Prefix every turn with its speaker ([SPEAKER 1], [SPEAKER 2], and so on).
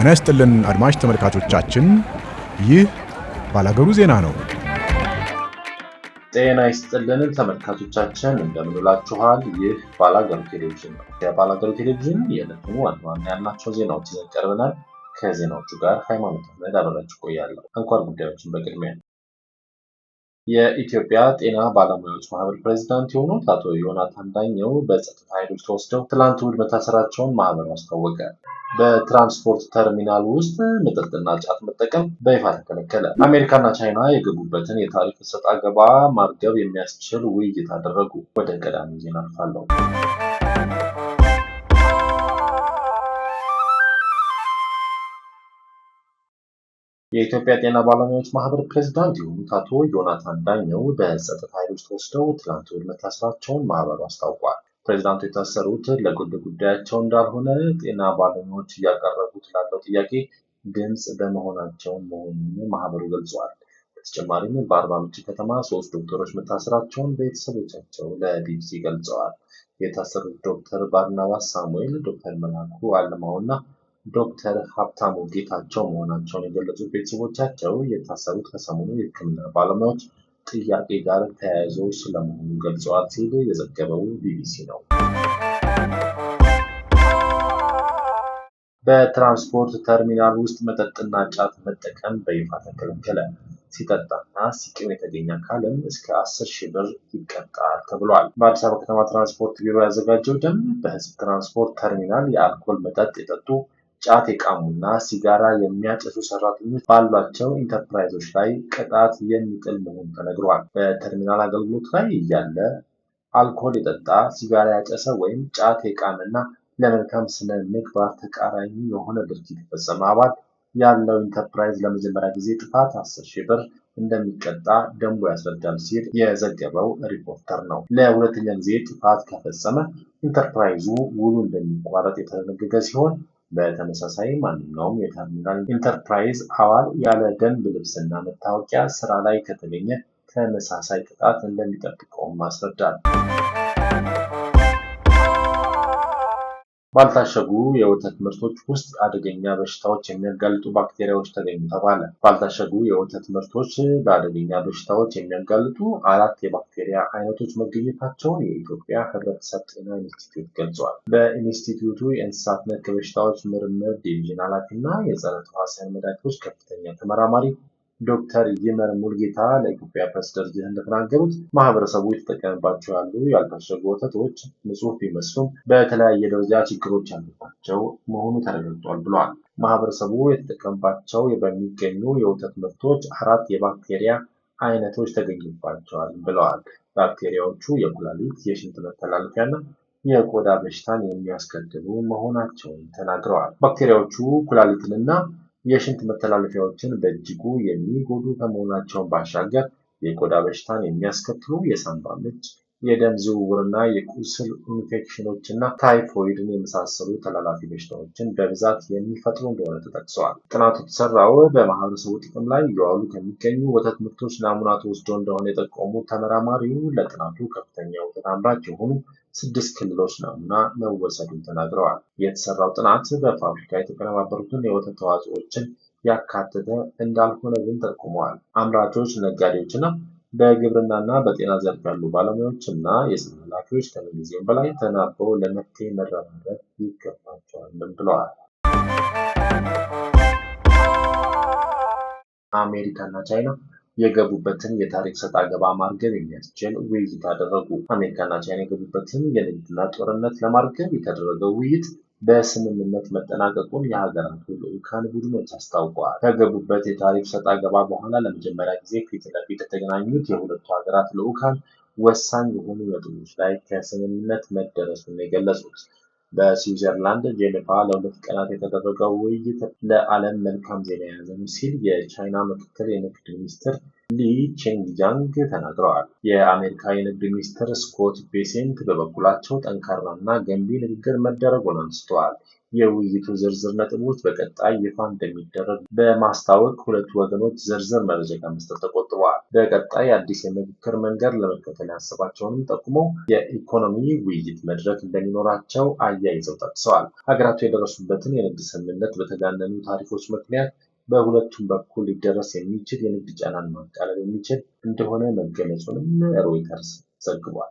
[SPEAKER 1] ጤና ይስጥልን አድማጭ ተመልካቾቻችን፣ ይህ ባላገሩ ዜና ነው።
[SPEAKER 2] ጤና ይስጥልን ተመልካቾቻችን፣ እንደምንላችኋል። ይህ ባላገሩ ቴሌቪዥን ነው። የባላገሩ ቴሌቪዥን የዕለቱን ዋና ዋና ያልናቸው ዜናዎች ይዘን ቀርበናል። ከዜናዎቹ ጋር ሃይማኖት ነ አብራችሁ ቆያለሁ። አንኳር ጉዳዮችን በቅድሚያ የኢትዮጵያ ጤና ባለሙያዎች ማህበር ፕሬዚዳንት የሆኑት አቶ ዮናታን ዳኘው በጸጥታ ኃይሎች ተወስደው ትላንት እሑድ መታሰራቸውን ማህበሩ አስታወቀ። በትራንስፖርት ተርሚናል ውስጥ መጠጥና ጫት መጠቀም በይፋ ተከለከለ። አሜሪካና ቻይና የገቡበትን የታሪክ እሰጥ አገባ ማርገብ የሚያስችል ውይይት አደረጉ። ወደ ቀዳሚ ዜና አልፋለሁ። የኢትዮጵያ ጤና ባለሙያዎች ማህበር ፕሬዝዳንት የሆኑት አቶ ዮናታን ዳኘው በጸጥታ ኃይሎች ተወስደው ትላንት እሑድ መታሰራቸውን ማህበሩ አስታውቋል። ፕሬዚዳንቱ የታሰሩት ለግል ጉዳያቸው እንዳልሆነ ጤና ባለሙያዎች እያቀረቡት ላለው ጥያቄ ድምፅ በመሆናቸው መሆኑን ማህበሩ ገልጿል። በተጨማሪም በአርባ ምንጭ ከተማ ሶስት ዶክተሮች መታሰራቸውን ቤተሰቦቻቸው ለቢቢሲ ገልጸዋል። የታሰሩት ዶክተር ባርናባስ ሳሙኤል፣ ዶክተር መላኩ አለማውና ዶክተር ሀብታሙ ጌታቸው መሆናቸውን የገለጹ ቤተሰቦቻቸው የታሰሩት ከሰሞኑ የሕክምና ባለሙያዎች ጥያቄ ጋር ተያይዞ ስለመሆኑ ገልጸዋል ሲል የዘገበው ቢቢሲ ነው። በትራንስፖርት ተርሚናል ውስጥ መጠጥና ጫት መጠቀም በይፋ ተከለከለ። ሲጠጣና ሲቅም የተገኘ አካልም እስከ አስር ሺህ ብር ይቀጣል ተብሏል። በአዲስ አበባ ከተማ ትራንስፖርት ቢሮ ያዘጋጀው ደንብ በህዝብ ትራንስፖርት ተርሚናል የአልኮል መጠጥ የጠጡ ጫት የቃሙና ሲጋራ የሚያጨሱ ሰራተኞች ባሏቸው ኢንተርፕራይዞች ላይ ቅጣት የሚጥል መሆኑ ተነግሯል። በተርሚናል አገልግሎት ላይ እያለ አልኮል የጠጣ፣ ሲጋራ ያጨሰ ወይም ጫት የቃመና ለመልካም ስነ ምግባር ተቃራኒ የሆነ ድርጊት የፈጸመ አባል ያለው ኢንተርፕራይዝ ለመጀመሪያ ጊዜ ጥፋት አስር ሺህ ብር እንደሚቀጣ ደንቡ ያስረዳል ሲል የዘገበው ሪፖርተር ነው። ለሁለተኛ ጊዜ ጥፋት ከፈጸመ ኢንተርፕራይዙ ውሉ እንደሚቋረጥ የተደነገገ ሲሆን በተመሳሳይ ማንኛውም የተርሚናል ኢንተርፕራይዝ አባል ያለ ደንብ ልብስና መታወቂያ ስራ ላይ ከተገኘ ተመሳሳይ ቅጣት እንደሚጠብቀውም አስረዳል። ባልታሸጉ የወተት ምርቶች ውስጥ አደገኛ በሽታዎች የሚያጋልጡ ባክቴሪያዎች ተገኙ ተባለ። ባልታሸጉ የወተት ምርቶች ለአደገኛ በሽታዎች የሚያጋልጡ አራት የባክቴሪያ አይነቶች መገኘታቸውን የኢትዮጵያ ሕብረተሰብ ጤና ኢንስቲትዩት ገልጿል። በኢንስቲትዩቱ የእንስሳት ነክ በሽታዎች ምርምር ዲቪዥን ኃላፊ እና የጸረ ተዋሲያን መድኃኒቶች ከፍተኛ ተመራማሪ ዶክተር ይመር ሙልጌታ ለኢትዮጵያ ፕሬስ ድርጅት እንደተናገሩት ማህበረሰቡ የተጠቀመባቸው ያሉ ያልታሸጉ ወተቶች ንጹህ ቢመስሉም በተለያየ ደረጃ ችግሮች ያሉባቸው መሆኑ ተረጋግጧል ብለዋል። ማህበረሰቡ የተጠቀምባቸው በሚገኙ የወተት ምርቶች አራት የባክቴሪያ አይነቶች ተገኝባቸዋል ብለዋል። ባክቴሪያዎቹ የኩላሊት፣ የሽንት መተላለፊያና የቆዳ በሽታን የሚያስከትሉ መሆናቸውን ተናግረዋል። ባክቴሪያዎቹ ኩላሊትንና የሽንት መተላለፊያዎችን በእጅጉ የሚጎዱ ከመሆናቸውም ባሻገር የቆዳ በሽታን የሚያስከትሉ የሳንባ ምች የደም ዝውውርና የቁስል ኢንፌክሽኖችና ታይፎይድን የመሳሰሉ ተላላፊ በሽታዎችን በብዛት የሚፈጥሩ እንደሆነ ተጠቅሰዋል። ጥናቱ የተሰራው በማህበረሰቡ ጥቅም ላይ እየዋሉ ከሚገኙ ወተት ምርቶች ናሙና ተወስዶ እንደሆነ የጠቆሙ ተመራማሪው ለጥናቱ ከፍተኛ ወተት አምራች የሆኑ ስድስት ክልሎች ናሙና መወሰዱን ተናግረዋል። የተሰራው ጥናት በፋብሪካ የተቀነባበሩትን የወተት ተዋጽኦችን ያካተተ እንዳልሆነ ግን ጠቁመዋል። አምራቾች፣ ነጋዴዎችና በግብርና እና በጤና ዘርፍ ያሉ ባለሙያዎች እና የስራ ኃላፊዎች ከምንጊዜውም በላይ ተናበው ለመፍትሄ መረባረብ ይገባቸዋልም ብለዋል። አሜሪካ እና ቻይና የገቡበትን የታሪክ ሰጣ ገባ ማርገብ የሚያስችል ውይይት አደረጉ። አሜሪካና ቻይና የገቡበትን የንግድና ጦርነት ለማርገብ የተደረገው ውይይት በስምምነት መጠናቀቁን የሀገራቱ ልዑካን ቡድኖች አስታውቀዋል። ከገቡበት የታሪፍ ሰጣ ገባ በኋላ ለመጀመሪያ ጊዜ ፊት ለፊት የተገናኙት የሁለቱ ሀገራት ልዑካን ወሳኝ የሆኑ ነጥቦች ላይ ከስምምነት መደረሱን የገለጹት በስዊዘርላንድ ጄኔቫ ለሁለት ቀናት የተደረገው ውይይት ለዓለም መልካም ዜና የያዘ ነው ሲል የቻይና ምክትል የንግድ ሚኒስትር ሊ ቼንግጃንግ ተናግረዋል። የአሜሪካ የንግድ ሚኒስትር ስኮት ቤሴንት በበኩላቸው ጠንካራና ገንቢ ንግግር መደረጉን አንስተዋል። የውይይቱን ዝርዝር ነጥቦች በቀጣይ ይፋ እንደሚደረግ በማስታወቅ ሁለቱ ወገኖች ዝርዝር መረጃ ከመስጠት ተቆጥበዋል። በቀጣይ አዲስ የምክክር መንገድ ለመከተል ያሰባቸውንም ጠቁመው የኢኮኖሚ ውይይት መድረክ እንደሚኖራቸው አያይዘው ጠቅሰዋል። ሀገራቱ የደረሱበትን የንግድ ስምምነት በተጋነኑ ታሪፎች ምክንያት በሁለቱም በኩል ሊደረስ የሚችል የንግድ ጫናን ማቃለል የሚችል እንደሆነ መገለጹንም ሮይተርስ ዘግቧል።